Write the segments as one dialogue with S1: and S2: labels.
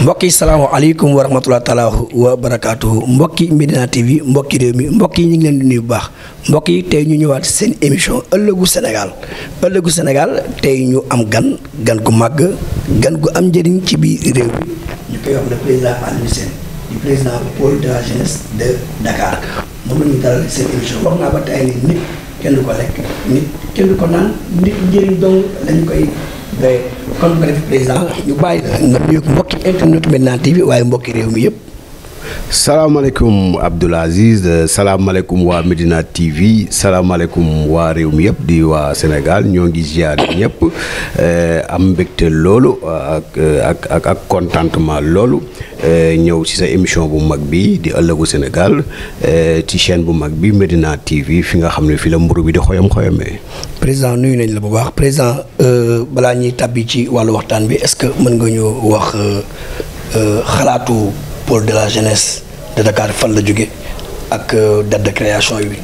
S1: mbokki salaamaaleykum aleykum rahmatulah taala wa barakaatuhu mbokki Medina TV mbokki réew mi mbokki ñu ngi leen di nuyu bu baax mbokki tey ñu ñëwaat seen émission ëllëgu Sénégal ëllëgu Sénégal tey ñu am gan gan gu màgg gan gu am njëriñ ci biir réew mi ñu koy wax le président Alioune Sène di président pôle de la jeunesse de Dakar moom la dalal seen émission wax naa ba tey ni nit kenn ko lekk nit kenn ko naan nit njëriñ dong lañ koy. kon bu ko defee ñu bàyyi la nga nuyu mbokki
S2: internet Médina TV waaye mbokki réew mi yëpp. salaamaaleykum Abdoul Aziz salaamaaleykum waa Medina TV salaamaaleykum waa réew mi yëpp di waa Sénégal ñoo ngi ziar ñëpp eh, am mbégte loolu ak ak ak ak contentement loolu eh, ñëw ci sa émission bu mag bi di ëllëgu Sénégal eh, ci chaîne bu mag bi Medina TV fi nga xam ne fi la mburu bi di xoyam xoyamee.
S1: président nuyu nañ la bu baax président euh, balaa ñuy tàbbi ci wàllu waxtaan bi est-ce que mën nga ñu wax euh, euh, xalaatu. pour de la jeunesse de Dakar fan la jóge ak euh, date de création yi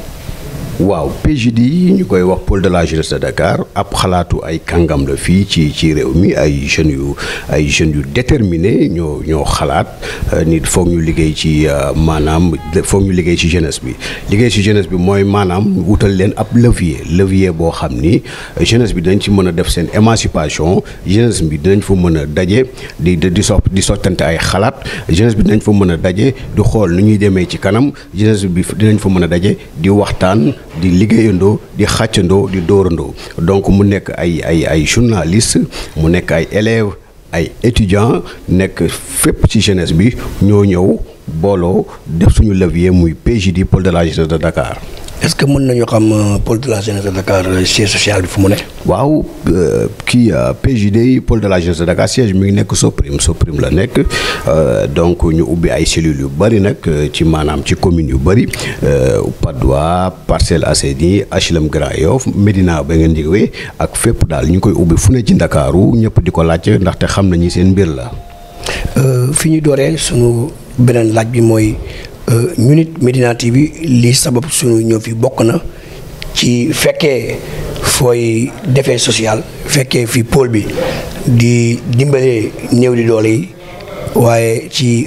S2: waaw PJD yi ñu koy wax pôle de la jeunesse de Dakar ab xalaatu ay kàngam la fii ci ci réew mi ay jeunes yu ay jeunes yu déterminé ñoo ñoo xalaat euh, nit foog ñu liggéey ci euh, maanaam foog ñu liggéey ci jeunesse bi liggéey ci jeunesse bi mooy maanaam wutal leen ab levier levier boo xam ni euh, jeunesse bi dinañ ci mën a def seen émancipation jeunesse bi dinañ fa mën a daje di di so di sottante ay xalaat jeunesse bi dinañ fa mën a daje di xool nu ñuy demee ci kanam jeunesse bi dinañ fa mën a daje di waxtaan di liggéeyandoo di xàccandoo di dóorandoo donc mu nekk ay ay ay journaliste mu nekk ay élèves ay étudiants nekk fépp ci jeunesse bi ñoo ñëw booloo def suñu levier muy PJD pôle de la jeunesse de Dakar.
S1: est-ce que mën nañu xam pôle de la jeunesse de Dakar siège bi fu mu ne.
S2: waaw kii PJD pole de la jeunesse de Dakar mi ngi nekk Soprim Soprim la nekk euh, donc ñu ubbi ay cellules yu bëri nag euh, ci maanaam ci communes yu bëri euh, Patte d'Oie Parcelles Assainies HLM Grand Yoff Médina ba ngeen jógee ak fépp daal ñu koy ubbi fu ne ci Ndakaaru ñëpp di ko laajte ndaxte xam na nañu seen mbir la.
S1: fi ñu dooree sunu beneen laaj bi mooy. ñu euh, nit Medina TV li sabab suñu ñëw fi bokk na ci fekkee fooy defee social fekkee fi pôle bi di dimbalee néew di doole yi waaye ci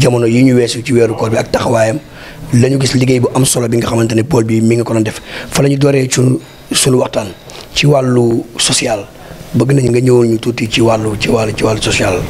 S1: jamono yi ñu weesu ci weeru koor bi ak taxawaayam lañu ñu gis liggéey bu am solo bi nga xamante ne pôle bi mi ngi kon a def fa la ñu dooree ci suñu waxtaan ci wàllu social bëgg nañ nga ñëwoon ñu tuuti ci wàllu ci wàllu ci wàllu social.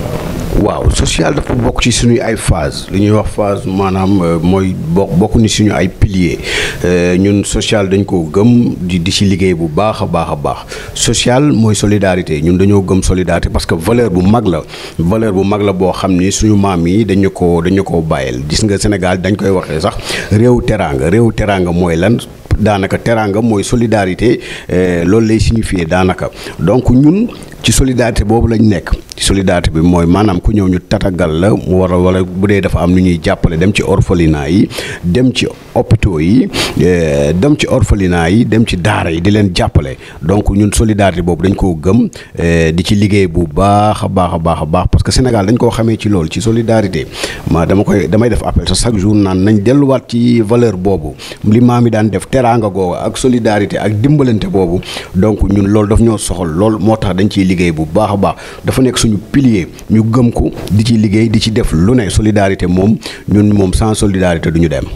S1: waaw
S2: social dafa bokk ci suñuy ay phase li ñuy wax phase maanaam euh, mooy bokk bokk ni suñu ay piliers euh, ñun sociale dañ ko gëm di di ci liggéey bu baax a baax a baax sociale mooy solidarité ñun dañoo gëm solidarité parce que valeur bu mag la valeur bu mag la boo xam ni suñu maam yi dañu ko dañu ko bàyyil gis nga Sénégal dañ koy waxee sax réew teraanga réew teraanga mooy lan. daanaka teraanga mooy solidarité eh, loolu lay signifier daanaka donc ñun ci solidarité boobu lañ nekk solidarité bi mooy maanaam ku ñëw ñu tatagal la mu war a wala bu dee dafa am nu ñuy jàppale dem ci orphelinat yi dem ci hôpitaux yi eh, dem ci orphelinat yi dem ci daara yi di leen jàppale donc ñun solidarité boobu dañ koo gëm eh, di ci liggéey bu baax a baax a baax a baax parce que Sénégal dañ koo xamee ci loolu ci solidarité ma dama koy damay def appel sa chaque jour naan nañ delluwaat ci valeur boobu li maam yi daan def teraanga googu ak solidarité ak dimbalante boobu donc ñun loolu daf ñoo soxal loolu tax liggéey bu baax a baax dafa nekk suñu pilier ñu gëm ko di ci liggéey di ci def lu ne solidarité moom ñun moom sans solidarité du ñu dem.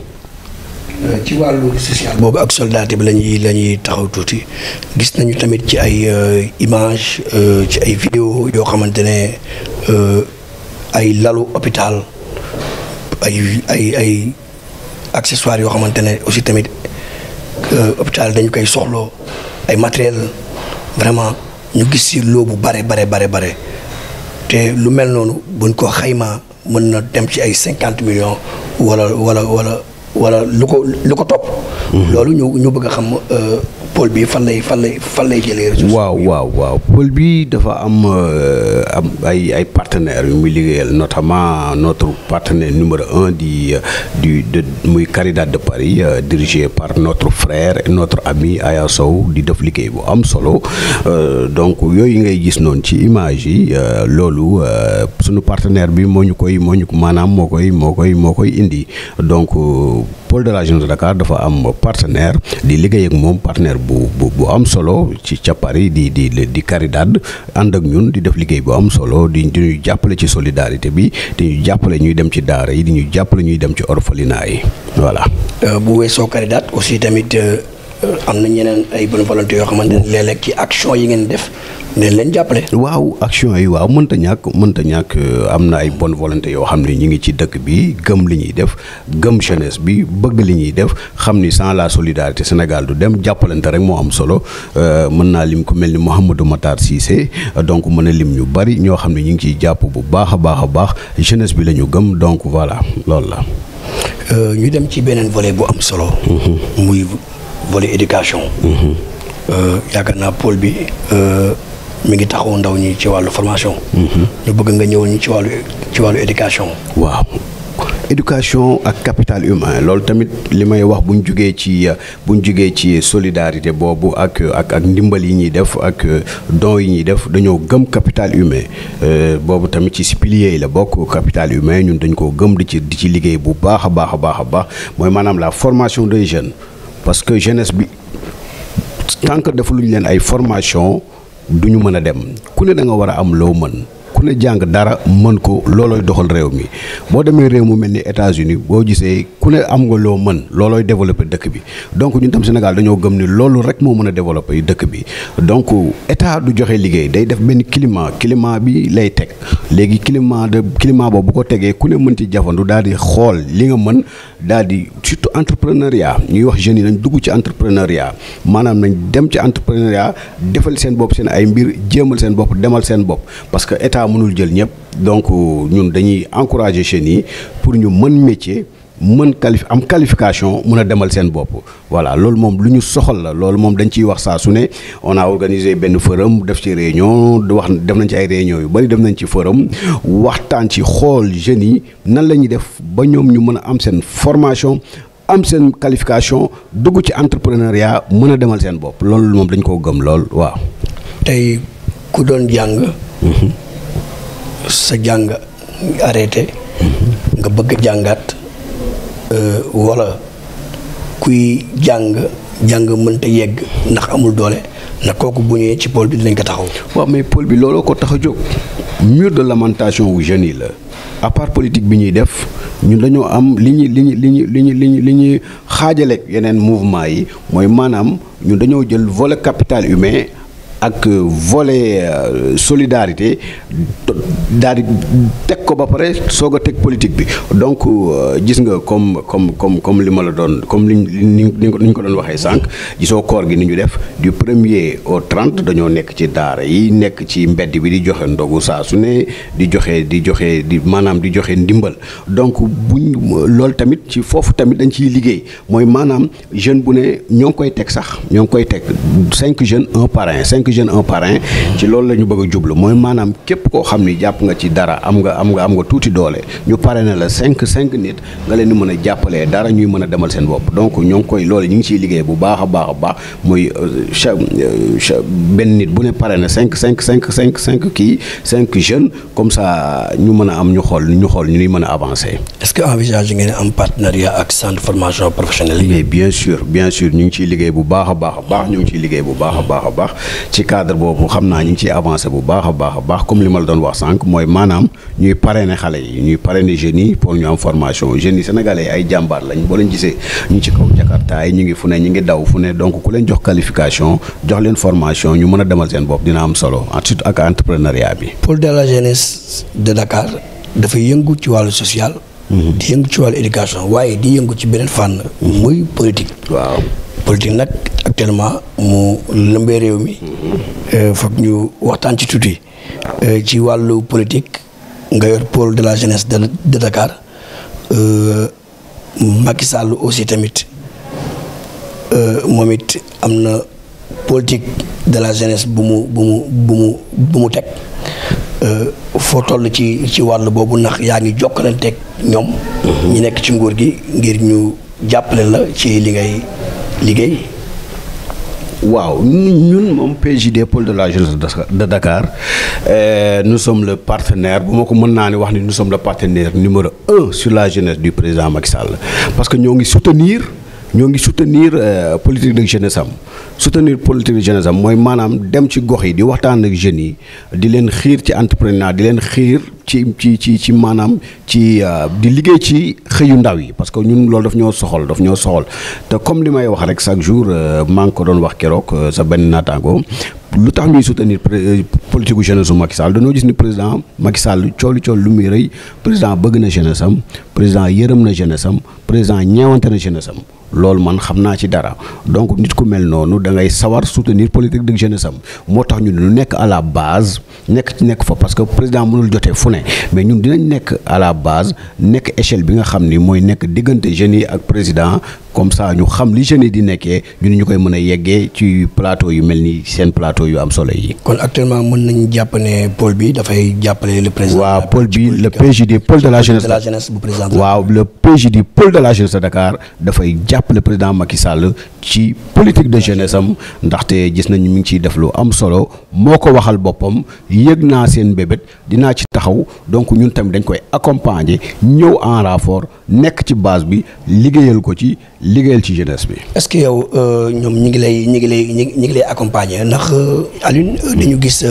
S1: ci wàllu social boobu ak solidarité bi lañuy la ñuy taxaw tuuti gis nañu tamit ci ay euh, image euh, ci ay vidéo yoo xamante ne euh, ay lalu hôpital ay ay ay accessoires yoo xamante ne aussi tamit hôpital dañu koy soxloo ay matériel vraiment ñu gis si loobu bare bare bare bare te lu mel noonu buñ ko xaymaa mën na dem ci ay cinquante millions wala wala wala wala lu ko lu ko topp mm-hmm. loolu ñu ñu bëgg a xam euh, pôle bi fan lay fan lay fan lay
S2: waaw waaw waaw pôle bii dafa am euh, am ay ay partenaires yu muy liggéeyal notamment notre partenaire numéro un di du de muy Caridad de Paris euh, dirigé par notre frère notre ami Aya Sow di def liggéey bu am solo euh, donc yooyu ngay gis noonu ci image yi loolu sunu partenaire bi moo ñu koy moo ñu maanaam moo koy moo koy moo koy indi donc. pôle de la région de Dakar dafa am partenaire di liggéey ak moom partenaire bu bu bu am solo ci ca Paris di di di Caridad ànd ak ñun di def liggéey bu am solo di di jàppale ci solidarité bi di jàppale ñuy dem ci daara yi di ñu jàppale ñuy dem ci orphelinat yi voilà. Euh,
S1: bu weesoo Caridad aussi tamit euh, am na ñeneen ay bonne volonté yoo xamante ne léeg ci action yi ngeen def.
S2: nañ leen jàppale. waaw action yi waaw mënta ñàkk mënta ñàkk euh, am na ay bonne volonté yoo xam ne ñu ngi ci dëkk bi gëm li ñuy def gëm jeunesse bi bëgg li ñuy def xam ni sans la solidarité Sénégal du dem jàppalante rek moo am solo euh, mën naa lim ku mel ni Mouhamadou Matar Cissé donc mën a lim ñu bari ñoo xam ne ñu ngi ciy jàpp bu baax a baax a baax jeunesse bi la ñu gëm donc voilà loolu la. Euh, ñu dem ci beneen volet bu am solo. Mhm. muy volet éducation. Mhm. yaakaar naa pôle bi.
S1: mi ngi taxaw ndaw ñu ci wàllu formation. Mhm. ñu bëgg nga ñëwal ñu ci wàllu ci wàllu éducation.
S2: waaw éducation ak capital humain loolu tamit li may wax bu ñu jugee ci bu ñu jugee ci solidarité boobu ak ak ak ndimbal yi ñuy def ak don yi ñuy def dañoo gëm capital humain euh, boobu tamit ci si pilier yi la bokk capital humain ñun dañ koo gëm di ci di ci liggéey bu baax a baax a baax a baax mooy maanaam la formation des jeunes parce que jeunesse bi tant que defaluñ leen ay formation du ñu mën a dem ku ne da nga war a am loo mën ku jàng dara mën ko loolooy doxal réew mi boo demee réew mu mel ni États-Unis boo gisee ku ne am nga loo mën loolooy développé dëkk bi donc ñun tam Sénégal dañoo gëm ni loolu rek moo mën a développé dëkk bi donc état du joxe liggéey day def benn climat climat bi lay teg léegi climat de climat boobu bu ko tegee ku ne mën ci jafandu daal di xool li nga mën daal di surtout entrepreneuriat ñuy wax jeunes yi nañ dugg ci entrepreneuriat maanaam nañ dem ci entrepreneuriat defal seen bopp seen ay mbir jéemal seen bopp demal seen bopp mënul jël ñëpp donc euh, ñun dañuy encourager jeunes yi pour ñu mën métier mën qualif am qualification mën a demal seen bopp voilà loolu moom lu ñu soxal la loolu moom dañ ciy wax saa su ne on a organisé benn forum def ci réunion wax def nañ ci ay réunion yu bëri def nañ ci forum waxtaan ci xool jeunes yi nan la ñuy def ba ñoom ñu mën a am seen formation am seen qualification dugg ci entrepreneuriat mën a demal seen bopp loolu moom dañ koo gëm lool waaw. tey ku doon jàng. Mm-hmm. sa jàng
S1: arrêté nga bëgg jàngaat euh, wala kuy jàng jàng mënta yegg ndax amul doole na kooku bu ñëwee ci
S2: pôle bi dinañ ko taxaw. waaw mais pôle bi looloo ko tax a jóg. mur de lamentation wu jeunes yi la à part politique bi ñuy def ñun dañoo am li ñuy li ñuy li ñuy li ñuy li ñuy li ñuy xaajaleeg yeneen mouvement yi mooy maanaam ñun dañoo jël volet capital humain. ak volet euh, solidarité daal teg ko ba pare soog a teg politique bi donc euh, gis nga comme comme comme comme li ma la doon comme liñ ni ñu ko doon waxee sànq gisoo koor gi ni ñu def du premier au trente dañoo nekk ci daara yi nekk ci mbedd bi di joxe ndogu saa su ne di joxe di joxe di maanaam di joxe ndimbal donc buñ loolu tamit ci foofu tamit dañ ciy liggéey mooy maanaam jeune bu ne ñoo ngi koy teg sax ñoo ngi koy teg cinq jeunes en parrain cinq jeunes un parrain ci loolu la ñu bëgg jublu mooy maanaam képp ko xam ni jàpp nga ci dara am nga am nga am nga tuuti doole ñu pare parrainé la cinq cinq nit nga leen di mën a jàppalee dara ñuy mën a demal seen bopp donc ñoo ngi koy loole ñu ngi ciy liggéey bu baax a baax a baax euh, euh, benn nit bu ne parrainé cinq cinq cinq cinq cinq kii cinq jeunes comme ça ñu mën am ñu xool ñu xool ñu ñuy mën a avancer. est-ce que envisage ngeen am partenariat ak centre formation professionnelle. bien sûr bien sûr ñu ngi ciy liggéey bu baax a baax a baax ñu bu baax a baax a ci cadre boobu xam naa ñu ngi ciy bu baax a baax a baax comme li ma la doon wax sànq mooy maanaam ñuy parrainer xale yi ñuy parrainer jeunes yi pour ñu am formation jeunes yi ay jàmbaar lañ boo leen gisee ñu ci kaw jakarta yi ngi fu ne ñu ngi daw fu ne donc ku leen jox qualification jox leen formation ñu mën a demal seen bopp dina am solo surtout ak entrepreneuriat bi.
S1: pôle de la jeunesse de Dakar dafa yëngu ci wàllu social. Mhm. di yëngu ci wàllu actuellement mu lëmbee réew mi euh, foog ñu waxtaan ci tuuti euh, ci wàllu politique nga yor pôle de la jeunesse de de Dakar euh, Macky Sall aussi tamit moom it am na politique de la jeunesse bu mu bu mu bu mu teg foo toll ci ci wàll boobu nax yaa ngi jokkalanteeg ñoom. Mm-hmm. ñi nekk ci nguur gi ngir ñu jàppale la ci liggéey
S2: liggéey. waaw ñun moom PJD pole de la jeunesse de Dakar eh, nous sommes le partenaire bu ma ko mën naa ne wax ni nous sommes le partenaire numéro un sur la jeunesse du président Macky Sall parce que ñoo ngi soutenir. ñoo ngi soutenir euh, politique de jeunesse am soutenir politique de jeunesse am mooy maanaam dem ci gox yi di waxtaan ak jeunes yi di leen xiir ci entrepreneur di leen xiir ci ci ci ci maanaam ci euh, di liggéey ci xëyu ndaw yi parce que ñun loolu daf ñoo soxal daf ñoo soxal te comme li may wax rek chaque jour euh, maa ngi ko doon wax keroog sa benn naataango lu tax ñuy soutenir politique gu jeunesse su Macky Sall dañoo gis ni président Macky Sall cooli cool lu muy rëy président bëgg na jeunesse am président yërëm na jeunesse am président ñeewante na jeunesse loolu man xam naa ci dara donc nit ku mel noonu da sawar soutenir politique de jeunesse am moo tax ñun lu nekk à la base nekk ci nekk fa parce que président mënul jotee fu ne mais ñun dinañ nekk à la base nekk échelle bi nga xam ni mooy nekk diggante jeunes yi ak président comme ça ñu xam li jeunes yi di nekkee ñun ñu koy mën a yeggee ci plateau yu mel ni seen plateau yu am solo yi. kon actuellement mën nañu jàpp ne pôle bi dafay jàppale le président. waaw pôle bi le PJD pôle de la jeunesse. de la jeunesse bu président waaw le PJD pôle de la jeunesse de Dakar dafay jàppale président Macky Sall ci politique de jeunesse am ndaxte gis nañu mu ngi ciy def lu am solo moo ko waxal boppam yëg naa seen bébét dinaa ci taxaw donc ñun tamit dañ koy accompagner ñëw en rapport nekk ci base bi liggéeyal ko ci. liggéeyal ci jeunesse bi.
S1: est-ce que yow euh, ñoom ñu ngi lay ñu ngi lay ñu ngi lay accompagner ndax euh, Alioune euh, dañu gis.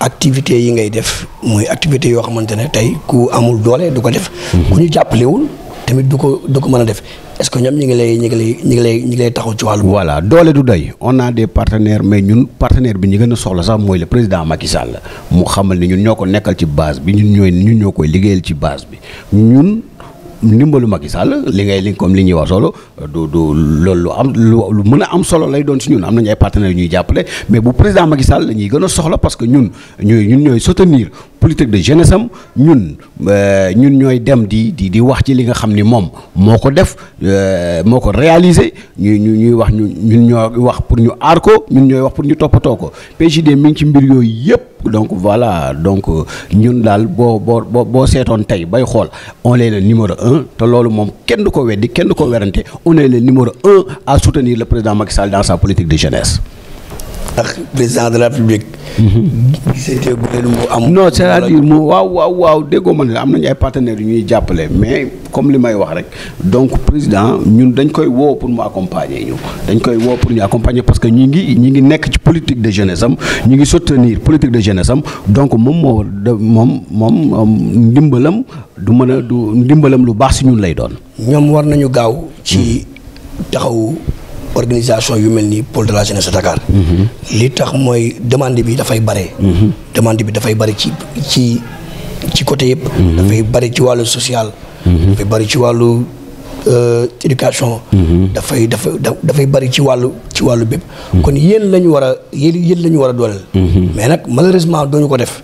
S1: activité yi ngay def mooy activité yoo xamante ne tey ku amul
S2: doole du ko def. Mhm. ku ñu jàppalewul tamit du ko du ko mën a def est que ñoom ñu ngi lay ñu ngi lay ñu ngi lay ñu ngi taxaw ci wàllu. voilà doole du doy on a des partenaires mais ñun partenaire bi ñu gën a soxla sax mooy la président Macky Sall mu xamal ni ñun ñoo ko nekkal ci base bi ñun ñooy ñun ñoo koy liggéeyal ci base bi ñun. ndimbalu Macky li ngay li comme li ñuy wax solo du du lu am lu mën a am solo lay doon si ñun am nañu ay partenaires yu ñuy jàppale mais bu président Macky Sall ñuy gën a soxla parce que ñun ñooy ñun ñooy soutenir politique de jeunesse am ñun euh, ñun ñooy dem di di di wax ci li nga xam ni moom moo ko def euh, moo ko réaliser ñu ñu ñuy wax ñu ñun ñoo wax pour ñu aar ko ñun ñooy wax pour ñu toppatoo ko PJD mi ngi ci mbir yooyu yëpp. donc voilà donc euh, ñun daal boo boo boo boo seetoon tey bay xool on est le numéro un te loolu moom kenn ko weddi kenn ko werante on est le numéro un à soutenir le président Macky Sall dans sa politique de jeunesse. ndax président de la République. gisatee gu leen mu am. non waaw waaw waaw déggoo ma ne am nañu ay partenaires yu ñuy jàppale mais comme li may wax rek donc président ñun dañ koy woo pour mu accompagner ñu dañ koy woo pour ñu accompagner parce que ñu ngi ñu ngi nekk ci politique de jeunesse am ñu ngi soutenir politique de jeunesse am donc moom moo de moom moom ndimbalam du mën a du ndimbalam lu baax si ñun lay doon. ñoom war nañu gaaw ci hmm.
S1: taxawu. organisation yu mel nii pôle de la jeunesse Dakar. Mhm. li tax mooy demande bi dafay bare. Mhm. demande bi dafay bare ci ci ci côté yëpp. dafay ci wàllu social. dafay bare ci wàllu mhm. euh, éducation. dafay dafay dafay bari ci wàllu ci wàllu bépp. kon yéen la ñu war a yéen yéen la war a dooleel. mais nag malheureusement dooñu ko def.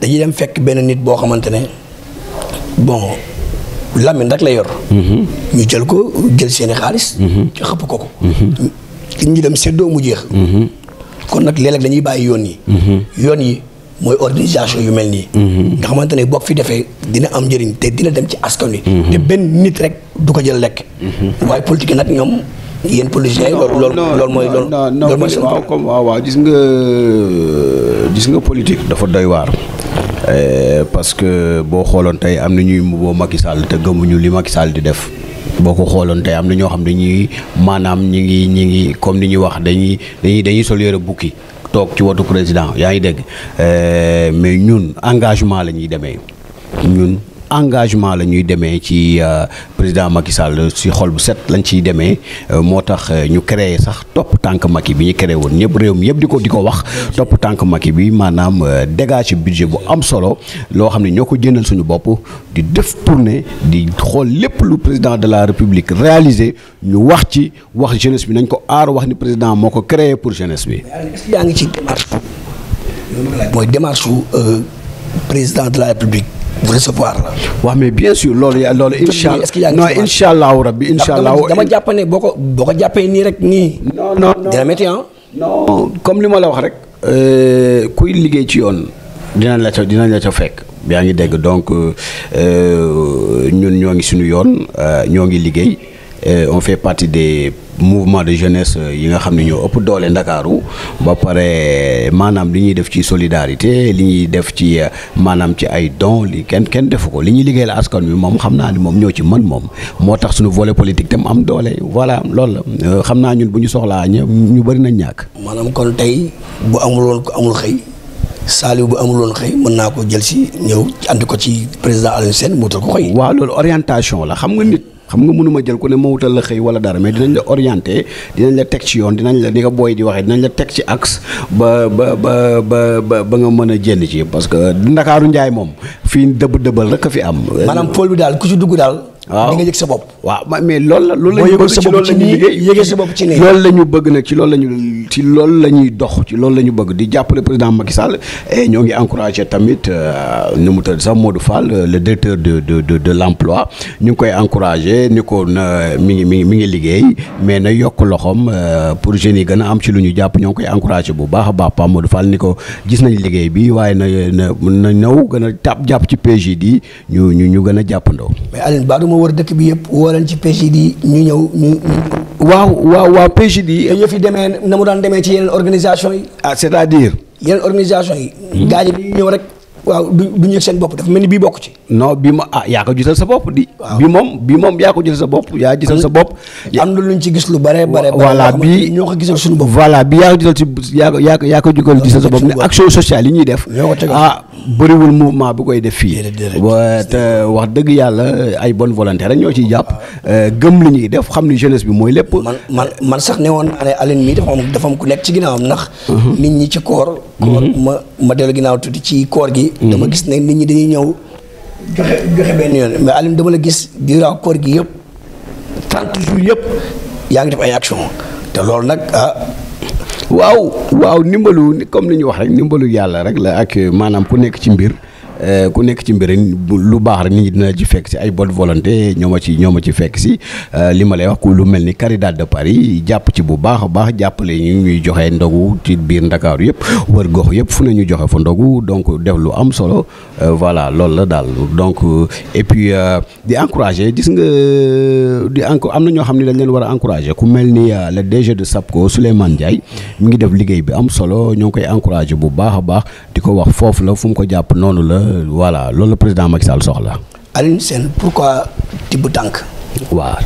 S1: dañuy dem fekk benn nit boo xamante ne bon. Lamine rek la yor. Mhm. ñu jël ko jël seeni xaalis. ci mhm. xëpp ko ko. Mhm. ñu dem séddoo mu jeex. kon nag léeg-léeg dañuy bàyyi yoon yi. yoon yi mooy organisation yu mel nii. nga xamante ne boo fi defee dina am njëriñ te dina dem ci askan wi. te benn nit rek du ko jël lekk. waaye politique nag ñoom yéen politiciens yi. loolu loolu mooy loolu. mooy seen waaw
S2: comme waaw waaw gis nga gis nga politique dafa doy waar. Eh, parce que boo xooloon tey am na ñuy mbuboo Macky Sall te gëmuñu li Macky Sall di def boo ko xooloon tey am na ñoo xam dañuy maanaam ñi ngi ñi ngi comme ni ñuy wax dañuy dañuy dañuy sol yëre bukki toog ci wotu président yaa ngi dégg eh, mais ñun engagement la ñuy demee ñun engagement la ñuy demee ci euh, président Macky Sall si xol bu set lañ ciy demee euh, moo tax euh, ñu créer sax topp tànk Macky bi ñu créé woon ñëpp réew mi yëpp di ko di ko wax topp tànk Macky bi maanaam dégage budget bu am solo loo xam ne ñoo ko jëndal suñu bopp di def tournée di xool lépp lu président de la République réaliser ñu wax ci wax jeunesse bi nañ ko aar wax ni président moo ko créé pour jeunesse bi. yaa ngi ci démarche mooy démarche président de la République. recevoir la. waaw mais bien sûr loolu ya loolu. incha allah non incha allahu rabbi incha allahu dama jàppane boo ko boo ko jàppee nii rek nii. non non dina métti comme li ma la wax rek. Euh, kuy liggéey ci yoon. dinañ la ca dinañ la ca fekk. yaa ngi dégg donc euh, euh, ñun ñoo ngi suñu yoon ñoo ngi liggéey on fait partie des. mouvement de jeunesse euh, yi nga xam ne ñoo ëpp doole ndakaaru ba pare euh, maanaam li ñuy def ci solidarité li ñuy def ci euh, maanaam ci ay don li kenn kenn defu ko li ñuy liggéeyal askon wi moom xam naa ni moom ñoo ci man moom moo tax suñu volet politique tam am doole voilà loolu la xam naa ñun bu ñu soxlaa ñu bëri nañ ñàkk.
S1: maanaam kon tey bu amul woon ko amul
S2: xëy. Saliou bu amul woon xëy mën naa ko jël si ñëw andi ko ci président Alioune mu wutal ko xëy. waaw loolu orientation la xam nga nit. xam nga mënuma jël ku ne ma wutal la xëy wala dara mais dinañ la orienté dinañ la teg ci yoon dinañ la ni nga booy di waxee dinañ la teg ci axe ba ba ba ba ba nga mën a jénn ci parce que ndakaaru njaay moom fii dëbb dëbbal rek a fi am. maanaam pôle
S1: bi daal ku si dugg daal. waaw di sa
S2: bopp. waaw mais loolu la la ñu bëgg ci loolu la ñuy yëgee sa bopp ci la ñu bëgg nag ci lool la ñu ci loolu la ñuy dox ci loolu la ñu bëgg di jàppale président Macky Sall et ñoo ngi encouragé tamit euh, nu mu tëdd sax Modou Fall le directeur de de de de l' emploi ñu ngi koy encouragé ni ko na mi ngi mi ngi mi ngi liggéey mais na yokk loxoom euh, pour jeunes yi gën a am ci lu ñu jàpp ñoo ngi koy encouragé bu baax a baax Pape Modou Fall ni ko gis nañ liggéey bi waaye na na na ñëw gën a tàpp jàpp ci PJ di ñu ñu ñu gën a
S1: jàppandoo. moo wër dëkk bi yëpp woo leen ci PGD ñu ñëw ñu waaw waaw waaw PGD yëf yi demee na mu daan demee ci yeneen organisation yi ah c'est-à-dire yeneen
S2: organisation yi hmm. gars yi dañuy ñëw rek waaw du du ñu seen bopp dafa mel ni bii bokk ci. non bii ma ah yaa ko gisal sa bopp di. bi moom bii moom yaa ko gisal sa bopp yaa gisal sa bopp. am na lu ñu ci gis lu bare bare. voilà bii ñoo ko gisal suñu bopp. voilà bi yaa ko gisal si yaa ko yaa ko yaa ko jugal gisal sa bopp ne action sociale yi def. ah bëriwul mouvement bu koy def fii. wax dëgg yàlla ay bonne volonté rek ñoo ciy jàpp. Euh, gëm li ñuy def xam ne jeunesse bi mooy lépp. man
S1: man man sax ne woon naa ne Aline mii dafa am dafa am ku nekk ci ginnaawam nax mhm. nit ñi ci koor. koor mhm. ma ma dellu ginnaaw tuuti ci koor gi dama gis ne nit ñi dañuy ñëw joxe joxe benn yoon mais Alioune dama la gis durant koor gi yëpp trente jours yëpp yaa ngi def
S2: ay action te loolu nag waaw ah. waaw waaw ndimbalu comme li ñu wax rek ndimbalu yàlla rek la ak maanaam ku nekk ci mbir Euh, ku nekk ci mbir lu baax rek nit ñi dina ci fekk si ay bonne volonté ñoo ma ci ñoo ma ci fekk si euh, li ma lay wax ku lu mel ni Caridad de Paris jàpp ci bu baax a baax jàppale ñu ñuy joxe ndogu ci biir Ndakaaru yëpp wër gox yëpp fu ne ñu joxe fa ndogu donc def lu am solo euh, voilà loolu la daal donc et puis di encourager gis nga di encore am na ñoo xam ne dañ leen war a encourager ku mel ni le DG de SAPCO Souleymane Ndiaye mu ngi def liggéey bi am solo ñoo koy encourager bu baax a baax di ko wax foofu la fu mu jàpp noonu la. voilà loolu la président Macky Sall soxla.
S1: Alioune seen pourquoi tibb tànk.
S2: waaw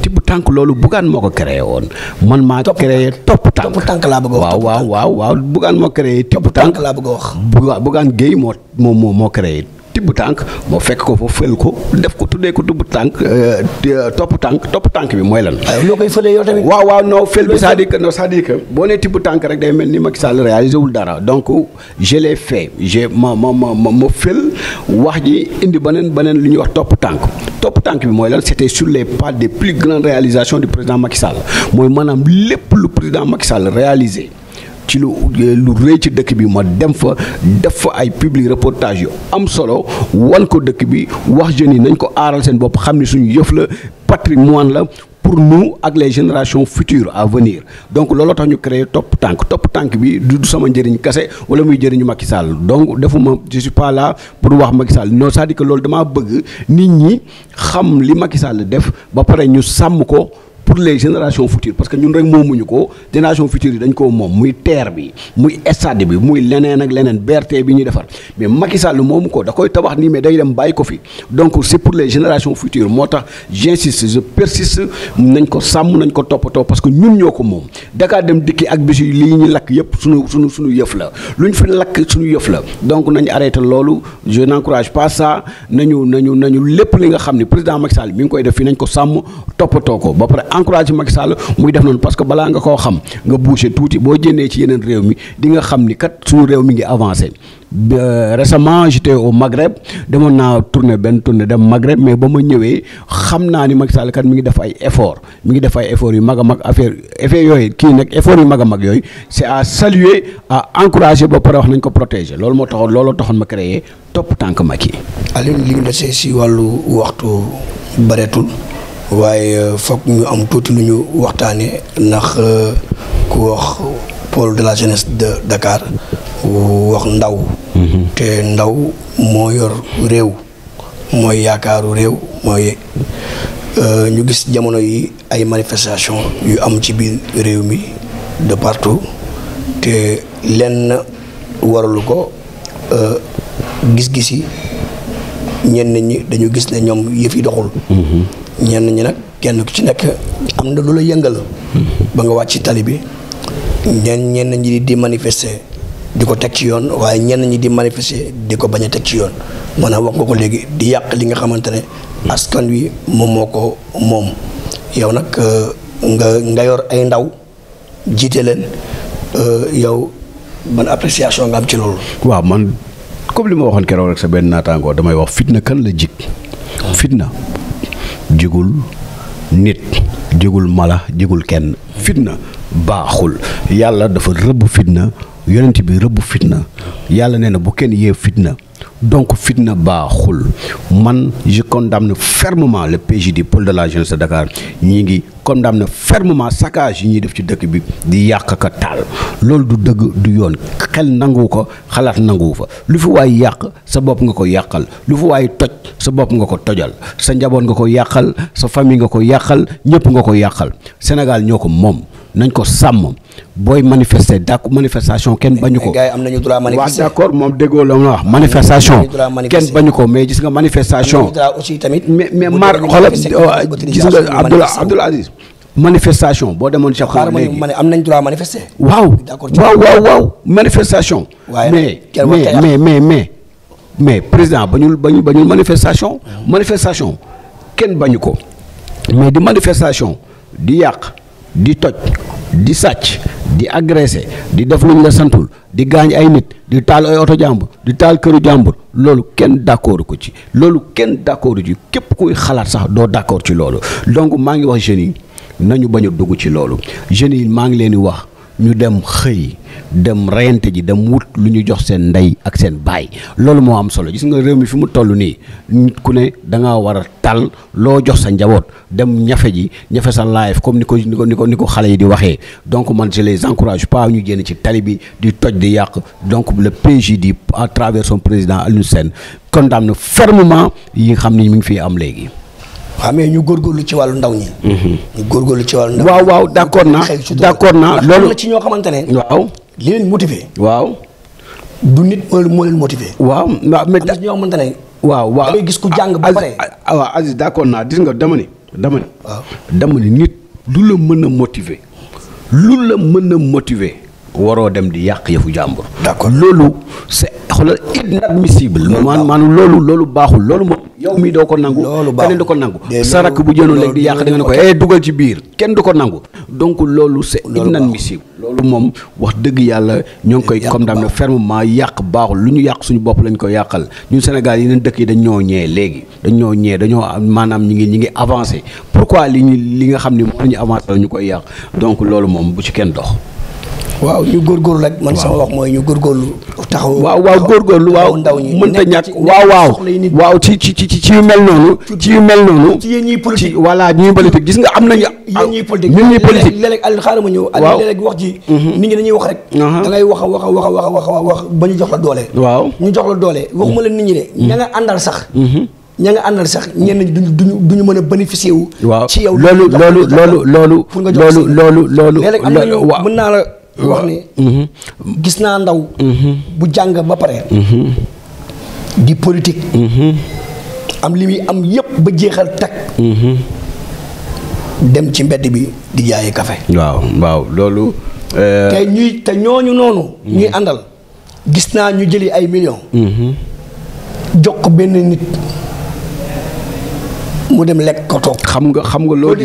S2: tibb tànk loolu Bougane moo ko créé woon man maa. créé topp tànk topp tànk laa bëgg a wax. waaw waaw waaw Bougane moo créé. topp tànk laa bëgg wax. Bougane Gueye moo moo moo créé. tibb tànk moo fekk ko fa fël ko def ko tuddee ko tubb tànk euh, euh, topp tànk topp tànk bi mooy lan. loo koy waaw waaw non fël bi c'est-à-dire que non cest boo nee tibb tànk rek day mel ni Macky Sall réalisé wul dara donc je l'ai fait j'ai ma ma ma ma fël wax ji indi beneen beneen lu ñuy wax topp tànk topp tànk bi mooy lan c'était sur les pas des plus grandes réalisations du président Macky Sall mooy maanaam lépp lu président Macky Sall réalisé. ci lu eh, lu rëy ci dëkk bi ma dem fa def fa ay public reportage yu am solo wan ko dëkk bi wax jeunes yi nañ ko aaral seen bopp xam ni suñu yëf la patrimoine la pour nous ak les génération futures à venir donc looloo tax ñu créer topp tànk topp tànk bi du sama njëriñ kese wala muy njëriñu Macky donc defuma je suis pas pour wax Macky Sall non c'est-à-dire loolu damaa bëgg nit ñi xam li Macky Sall def ba pare ñu sàmm ko. pour les générations futures parce que ñun rek moomuñu ko génération future yi dañ koo moom muy terre bi muy stade bi muy leneen ak leneen berte bi ñuy defar mais Macky Sall moomu ko da koy tabax nii mais day dem bàyyi ko fi donc c'est pour les générations futures moo tax j'insiste je persiste nañ ko sàmm nañ ko toppatoo parce que ñun ñoo ko moom Dakar dem dikki ak bis yi lii ñu lakk yëpp suñu suñu suñu yëf la lu ñu fi lakk suñu yëf la donc nañ arrêté loolu je n'encourage pas ça nañu nañu nañu lépp li nga xam ne président Macky Sall mi ngi koy def nañ ko sàmm toppatoo ko ba encouragé mag Sall muy def noonu parce que balaa nga koo xam nga boucher tuuti boo jëndee ci yeneen réew mi dinga xam ni kat suñu réew mi ngi avancé récemment j'étais au Maghreb demoon naa tourne benn tourné dem Maghreb mais ba ma ñëwee xam naa ni mag Sall kat mi ngi def ay effort mu ngi def ay effort yu mag a mag affaire effet yooyu kii nag effort yu mag mag yooyu c'est à saluer à encourager ba pare wax nañ ko protéger loolu moo taxoon looloo taxoon ma topp tànk Macky Aliou li ñu desee si wàllu
S1: waxtu bareetul waaye euh, foog ñu am tuuti lu ñu waxtaanee ndax euh, ku wax pôle de la jeunesse de Dakar wax ndaw. Mm-hmm. te ndaw moo yor réew. mooy yaakaaru réew mooy euh, ñu gis jamono yi ay manifestation yu am ci biir réew mi de partout te lenn waralu ko gis-gisi ñenn ñi dañu gis ne ñoom yëf yi doxul. Mm-hmm. ñenn ñi nag kenn ku ci nekk am na lu la yëngal. ba nga ci tali bi. ñenn ñenn ñi di manifester di ko teg ci yoon waaye ñenn ñi di manifester di ko bañ a teg ci yoon maanaam wax nga ko léegi di yàq li nga xamante ne. askan wi moom moo ko moom. yow nag euh, nga nga yor ay ndaw jiite leen euh, yow ban appréciation nga am
S2: ci loolu. waaw man comme li ma waxoon keroog rek sa benn naataangoo damay wax fitna kan la jig. Ah. fitna. jigul nit jógul mala jigul kenn fitna baaxul yàlla dafa rëbb fitna yonent bi rëbb fitna yàlla nee na bu kenn yee fitna donc fitna baaxul man je condamne fermement le PJD pole de la jeunesse de Dakar ñi ngi condamne fermement saccage yi ñuy def ci dëkk bi di yàq ka taal loolu du dëgg du yoon xel nangu ko xalaat nanguwu fa lu fi waay yàq sa bopp nga ko yàqal lu fi waay toj sa bopp nga ko tojal sa njaboot nga ko yàqal sa famille nga ko yàqal ñëpp nga ko yàqal Sénégal ñoo ko moom nañ ko sàmm booy manifester dàkku manifestation kenn bañu ko. gars yi am nañu droit manifester waaw moom déggoo la ma wax. manifestation kenn bañu ko mais gis nga manifestation.
S1: aussi tamit. mais mais maar xoolal euh, gis nga Abdoulaye Abdoulaye Aziz.
S2: manifestation boo demoon ca xaar ma ne am nañ droit manifester. waaw waaw waaw waaw manifestation. mais mais mais mais mais président bañul bañul bañul manifestation. Mm. manifestation kenn bañu ko. mais di manifestation di yàq. di toj di sàcc di agressé di def luñ la santul di gaañ ay nit di taal ay oto jàmbur di taal këru jàmbur loolu kenn d'accord ko ci loolu kenn d'accord ci képp kuy xalaat sax doo d'accord ci loolu donc maa ngi wax jeunes yi nañu bañ a dugg ci loolu jeunes yi maa ngi leen di wax ñu dem xëy dem reyante ji dem wut lu ñu jox seen ndey ak seen baay loolu moo am solo gis nga réew mi fi mu toll nii nit ku ne da ngaa war a loo jox sa njaboot dem ñafe ji ñafe sa life comme ni ko ni ko ko ni ko xale yi di waxee donc man je les encourage pas ñu génn ci tali bi di toj di yàq donc le PJD di travers son président Alioune Sène condamne fermement yi nga xam ni mu ngi fi am léegi.
S1: waaw ñu góorgóorlu ci wàllu ndaw ñi. Mhm. ñu góorgóorlu ci wàllu ndaw waaw waaw naa d' naa loolu
S2: ne. waaw. li leen motivé. waaw. du nit moo leen motivé. waaw waaw mais da xamante ne. waaw waaw gis ku jàng ba pare. Ah, waaw Aziz d'accord naa gis nga dama ni dama ni. nit lu la mën a motivé. lu la mën a motivé. waroo dem di yàq yëfu jàmbur. d'accord loolu c'est xoolal inadmissible. maanaam loolu loolu baaxul loolu moom. yow mii doo ko nangu keneen du ko nangu sa rakk bu jënoon léegi di yàq da ne ko eh dugal ci biir kenn du ko nangu donc loolu c'est inadmissible loolu moom wax dëgg yàlla ñoo ngi koy condamné fermement yàq baaxul lu ñu yàq suñu bopp lañ koy yàqal ñun Sénégal yeneen dëkk yi dañ ñoo ñee léegi dañ ñoo ñee am maanaam ñi ngi ñi ngi avancé pourquoi li ñu li nga xam ni moom ñu avancé la ñu koy yàq donc loolu moom bu ci kenn dox
S1: waaw ñu góorgóorlu rek man sama wax mooy ñu góorgóorlu
S2: taxaw waaw waaw góorgóorlu waaw ndaw ñi mënta ñàkk waaw waaw waaw ci ci ci ci yu mel noonu ci yu mel noonu ci yéen ñuy politique ci voilà ñuy politique gis nga am nañu yéen ñuy
S1: ma ñëw al léeg-léeg wax ji mhm. nit ñi dañuy wax rek uh-huh. a wax a wax a wax ñu jox la doole waaw ñu la doole waxuma mm. la nit ñi mm. ña nga àndal sax mhm. ña nga àndal sax ñenn ñi duñu duñu duñu mën a bénéficier wu
S2: ci yow loolu loolu loolu loolu loolu loolu loolu loolu mën naa
S1: la wax ne mhm. gis naa ndaw mhm. bu jàng ba pare mhm. di politique am li muy am yépp ba jeexal tag dem ci mbedd bi di jaayi
S2: café waaw waaw loolu euh, te
S1: ñuy te ñooñu noonu ñuy àndal gis naa ñu jëli ay millions jox ko benn nit mu dem lekk ko
S2: toog xam nga xam nga loolu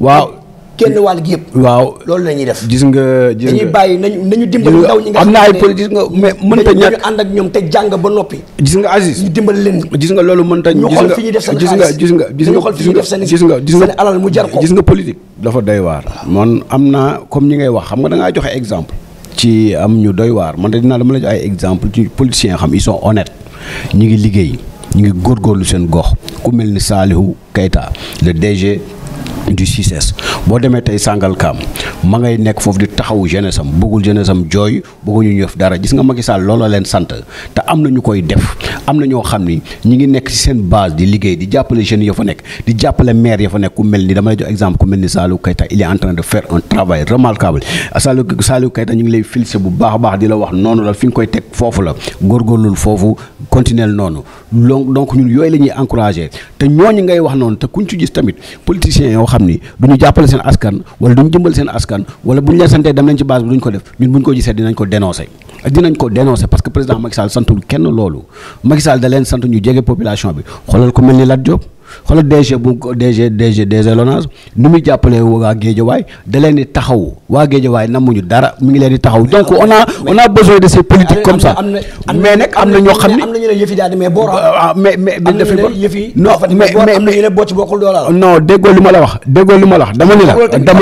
S2: waaw
S1: kenn waal gi yëpp. waaw loolu la ñuy def. gis nga gis nga dañuy bàyyi nañu nañu dimbali ndaw ñi nga xam naa am ay politique nga mais mënta ñàkk ànd ak ñoom te jàng ba noppi. gis nga Aziz ñu leen. gis nga loolu mënta ñu xool fi ñuy def seen xaalis gis nga gis nga gis nga gis nga gis nga
S2: alal mu jar ko. gis nga politique dafa doy waar. man am naa comme ñi ngay wax xam nga da joxe exemple. ci am ñu doy waar man de dinaa dama la jox ay exemple ci politiciens yoo xam ils sont honnêtes ñu ngi liggéey ñu ngi lu seen gox ku mel ni Salihu le DG du CICES boo demee tey Sangalkam ma ngay nekk foofu di taxawu jeunesse am bëggul jeunesse jooy bëgguñu ñëf dara gis nga Macky Sall looloo leen sant te am na ñu koy def am na ñoo xam ni ñi ngi nekk ci seen base di liggéey di jàppale jeunes ya fa nekk di jàppale maire ya fa nekk ku mel ni dama lay jox exemple ku mel ni Salou Keita il est en train de faire un travail remarquable Salou Salou Keita ngi lay féliciter bu baax a baax di la wax noonu la fi nga koy teg foofu la góorgóorlul foofu continuer noonu donc ñun yooyu la ñuy xam ni du ñu jàppale seen askan wala du ñu jëmbal seen askan wala bu ñu leen santee dem nañ ci base bi du ñu ko def ñun bu ñu ko gisee dinañ ko dénoncer dinañ ko dénoncer parce que président Macky Sall kenn loolu Macky Sall sant ñu jege population bi xoolal ku mel ni Lat xoolal DG bu DG DG DG Lonase ni muy jàppale waa da leen di taxaw waa Géejawaay namuñu dara mi ngi leen di taxaw donc on a a besoin de ces politiques comme ça mais am na ñoo xam ne am na ñu ne yëf yi daal di mais boor ah. mais mais dafa
S1: bokkul doo la non déggoo li ma la wax déggoo li ma la wax dama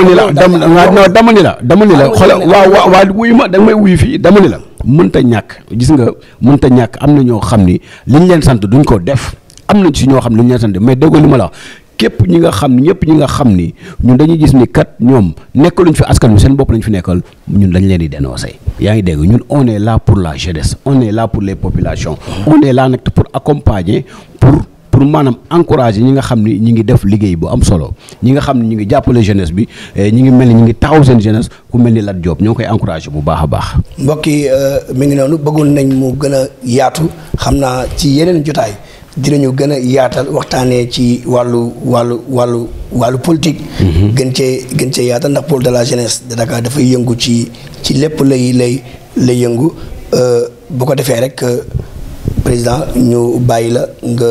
S1: ni la dama ni la dama non dama
S2: ni la dama ni la xoolal waaw waaw waa wuyu ma da may wuyu fii dama ni la mënta ñàkk gis nga mënta ñàkk am na ñoo xam ni liñ leen sant duñ ko def am nañ si ñoo xam ne ñu ñettante mais déggoo li ma la wax képp xam ñëpp ñi nga xam ni ñun dañuy gis ni kat ñoom nekkaluñ fi askan wi seen bopp lañ fi nekkal ñun dañ leen di dénoncer yaa ngi dégg ñun on est là pour la jeunesse on est là pour les populations on est nag pour accompagner pour pour maanaam encourager ñi nga xam ni ñi ngi def liggéey bu am solo ñi nga xam ni ñi ngi jàppale jeunesse bi eh, ñi ngi mel ni ñu ngi taxaw seen jeunesse ku mel ni Lat Diop ñoo koy encourager bu baax a baax
S1: mbokk yi euh, mi ngi noonu bëggoon nañ mu gën a yaatu xam naa ci yeneen jotaay dinañu gën a yaatal waxtaanee ci wàllu wàllu wàllu wàllu politique. Mhm. gën cee gën ce yaatal ndax pôle de la jeunesse de Dakar dafay yëngu ci ci lépp lay lay lay yëngu euh, bu ko defee rek euh, président ñu bàyyi la nga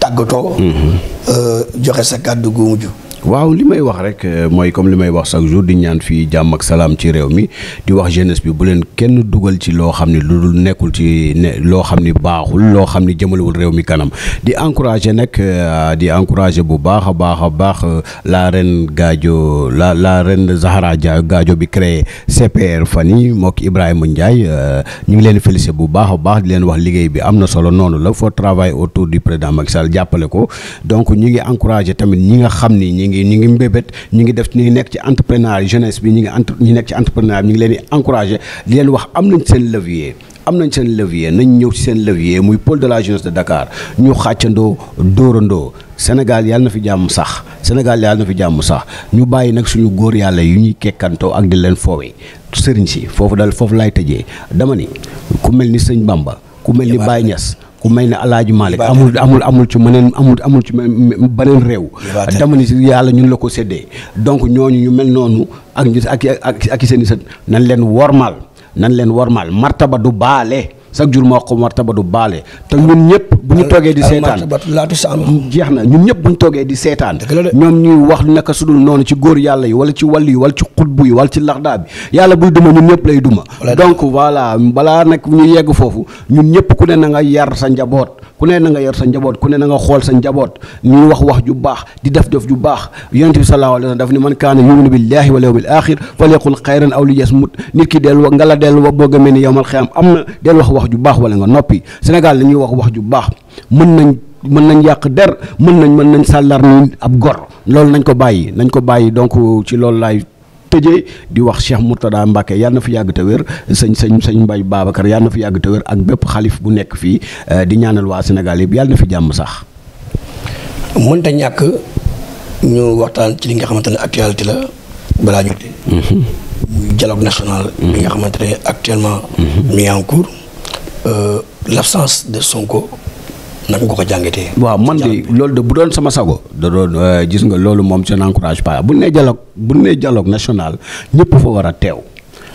S1: tàggatoo.
S2: Mhm. Euh, joxe sa kàddu gu mujj. waaw li may wax rek euh, mooy comme li may wax chaque jour di ñaan fii jàmm ak salaam ci réew mi di wax jeunesse bi bu leen kenn dugal ci loo xam ne lu nekkul ci loo xam ni baaxul loo xam ni jëmalewul réew mi kanam di encourager nag euh, di encourager bu baax a baax a baax euh, la reine gaajo la la reine Zahra gaajo bi créé CPR fan yi mook Ibrahima Ndiaye ñu ngi leen féliciter bu baax a baax di leen wax liggéey bi am na solo noonu la faut travailler autour du président Macky Sall jàppale ko ñu ngi ñu ngi mbébét ñu ngi def ñu ngi nekk ci entrepreneur jeunesse bi ñu ngi entre ñu nekk ci entrepreneur ñu ngi leen di encouragé leen wax am nañ seen levier am nañ seen levier nañ ñëw ci seen levier muy pole de la jeunesse de Dakar ñu xàccandoo dóorandoo Sénégal yàlla na fi jàmm sax Sénégal yàlla na fi jàmm sax ñu bàyyi nag suñu góor yàlla yu ñuy kekkantoo ak di leen foowee sëriñ si foofu dal foofu laay tëjee dama ni ku mel ni sëñ Bamba ku mel ni Baye ku may ne Alaaji Malick amul amul amul ci meneen amul amul ci beneen réew dama ni yàlla ñun la ko séddee donc ñooñu ñu mel noonu ak ñu ak ak ak seen i sët nan leen wormaal nan leen wormaal martaba du baale chaque jur moo ko martaba du baale te ñun ñëpp ñu toogee di seetaan mm, jeex na ñun ñëpp bu ñu toogee di seetaan ñoom ñuy wax naka su dul noonu ci góor yàlla yi wala ci wàll yi wala ci xutbu yi wala ci laxdaa bi yàlla buy duma ñun ñëpp lay duma donc voilà balaa nag ñu yegg foofu ñun ñëpp ku ne na nga yar sa njaboot ku ne na nga yar sa njaboot ku ne na nga xool sa njaboot ñuy wax wax ju baax di def def ju baax yonent bi sallallahu alayhi wa sallam daf ne man kaana yuminu billahi wal yawmil axir falyaqul xayran aw liyasmut nit ki del wa nga la del wa boo gëmee ne yowmal xiyaam am na del wax wax ju baax wala nga noppi Sénégal la ñuy wax wax ju baax mën nañ mën nañ yàq der mën nañ mën nañ sàllar ni ab gor loolu nañ ko bàyyi nañ ko bàyyi donc ci loolu laay tëjee di wax Cheikh Mourtada Mbacke yàlla na fi yàgg te wér sëñ sëñ sëñ Mbaye Babacar yàlla na fi yàgg te wér ak bépp xalif bu nekk fii eh, di ñaanal waa Sénégal yëpp yàlla na fi jàmm sax. mënta ñàkk ñu waxtaan ci li nga xamante ne actualité la balaa ñu.
S1: Mhm. national. bi nga mhm. xamante ne actuellement. Mhm. mi en cours euh, l'absence de Sonko. naka nga jàngatee.
S2: waaw man de loolu de bu doon sama sago. da doon euh, gis nga loolu moom je n'encourage pas bu nee dialogue bu nee dialogue national ñëpp fa war a teew.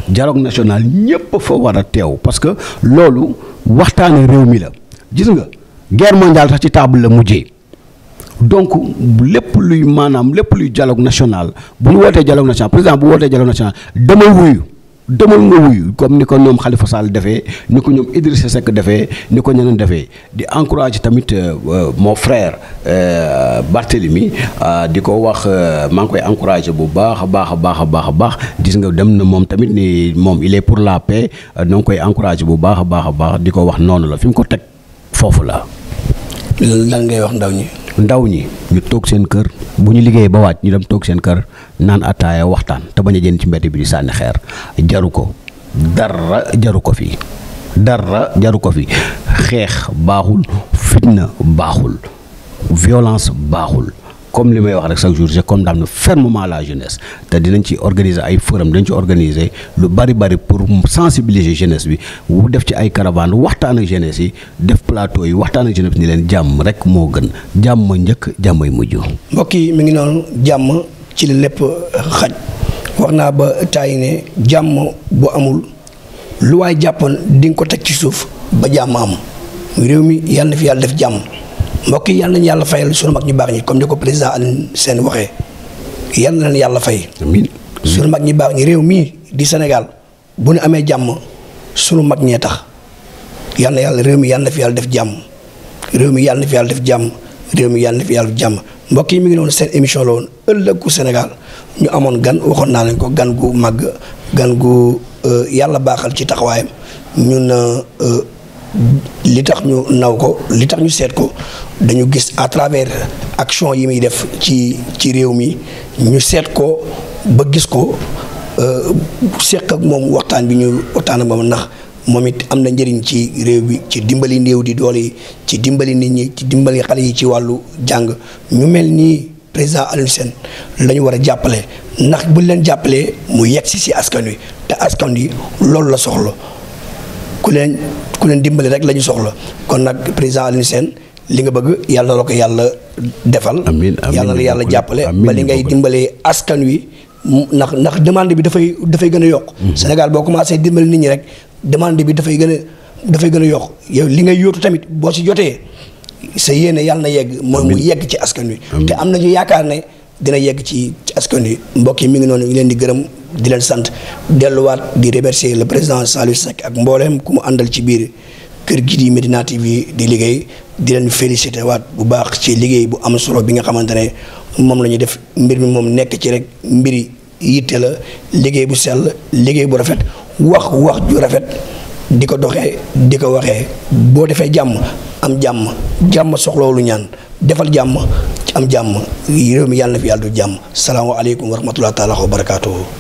S2: dialogue national ñëpp fa war a teew parce que loolu waxtaane réew mi la gis nga guerre mondiale sax ci table la mujjee donc lépp luy maanaam lépp luy jaloog national bu ñu wootee dialogue national président bu wootee dialogue national damay wuyu. demal nga wuyu comme ni ko ñoom Khalifa Sall defee ni ko ñoom sa Seck defee ni ko ñeneen defee di encourage tamit euh, euh, mon frère euh, Barthélemy di ko wax maa ngi koy encouragé bu baax a baax a baax a baax a baax gis nga dem na moom tamit ni moom il pour la paix noo ngi koy encouragé bu baax a baax a baax di ko wax noonu la fi mu ko teg foofu la. lan ngay wax ndaw ñi. ndaw ñi ñu toog seen kër bu ñu liggéeyee ba waaj ñu dem toog seen kër naan attaaya waxtaan te bañ a jënd ci mbedd bi di sànni xeer jaru ko dara jaru ko fi dara jaru ko fi xeex baaxul fitna baaxul violence baaxul comme li may wax rek chaque jour je condamne fermement la jeunesse te dinañ ci organiser ay forum dañ ci organiser lu bari bari pour sensibiliser jeunesse bi bu def ci ay caravane waxtaan ak jeunesse yi def plateau yi waxtaan ak jeunesse ni leen jàmm rek moo gën jàmm ma njëkk jàmmay mujj.
S1: mbokk yi mi ngi noonu jàmm ci la lépp xaj wax naa ba taay ne jàmm bu amul lu waay jàppoon di nga ko teg ci suuf ba jàmm am réew mi yàlla na yàlla def jàmm. mbokk yi yal nañu yàlla fayal sunu mag ñu baax ñi comme ni ko président Alioune Sène waxee yal na yàlla fay. amiin sunu mag ñu baax ñi réew mii di Sénégal bu nu amee jàmm sunu mag ñee tax yal na yàlla réew mi yal na yàlla def jàmm réew mi yal na fi yàlla def jàmm réew mi yal na fi yàlla def jàmm mbokk yi mi ngi doon seen émission la woon ëllëgu Sénégal ñu amoon gan waxoon naa leen ko gan gu màgg gan gu euh, yàlla baaxal ci taxawaayam ñun. Euh, li tax ñu naw ko li tax ñu seet ko dañu gis à travers action yi muy def ci ci réew mi ñu seet ko ba gis ko euh, seq ak moom waxtaan bi ñu waxtaan ak moom ndax moom it am na njëriñ ci réew bi ci dimbali néew di doole yi ci dimbali nit ñi ci dimbali xale yi ci wàllu jàng ñu mel nii président Alioune Sène la war a jàppale ndax bu leen jàppalee mu yegg si si askan wi te askan yi loolu la soxla. ku leen ku leen dimbali rek la ñu soxla kon nag président Alioune Sène li nga bëgg yàlla la ko yàlla defal. amiin amiin yàlla la yàlla jàppale. ba li ngay dimbalee askan wi. ndax ndax demande bi dafay dafay gën a yokk. Mhm. Sénégal boo commencé dimbali nit ñi rek demande bi dafay gën a dafay gën a yokk yow li ngay yóotu tamit boo si jotee sa yéene yàlla na yegg. mooy mu yegg ci askan wi. te am nañu yaakaar ne dina yegg ci askan wi. mbokk yi mi ngi noonu ñu leen di gërëm. di leen sant delluwaat di remercier le président Saliou Seck ak mbooleem ku mu àndal ci biir kër gi di Medina yi di liggéey di leen félicité waat bu baax ci liggéey bu am solo bi nga xamante ne moom la ñuy def mbir mi moom nekk ci rek mbiri yitte la liggéey bu sell liggéey bu rafet wax wax ju rafet di ko doxee di ko waxee boo defee jàmm am jàmm jàmm soxloolu ñaan defal jàmm am jàmm réew mi yàlla na fi yàlla du jàmm salaamaaleykum wa rahmatulah taalaa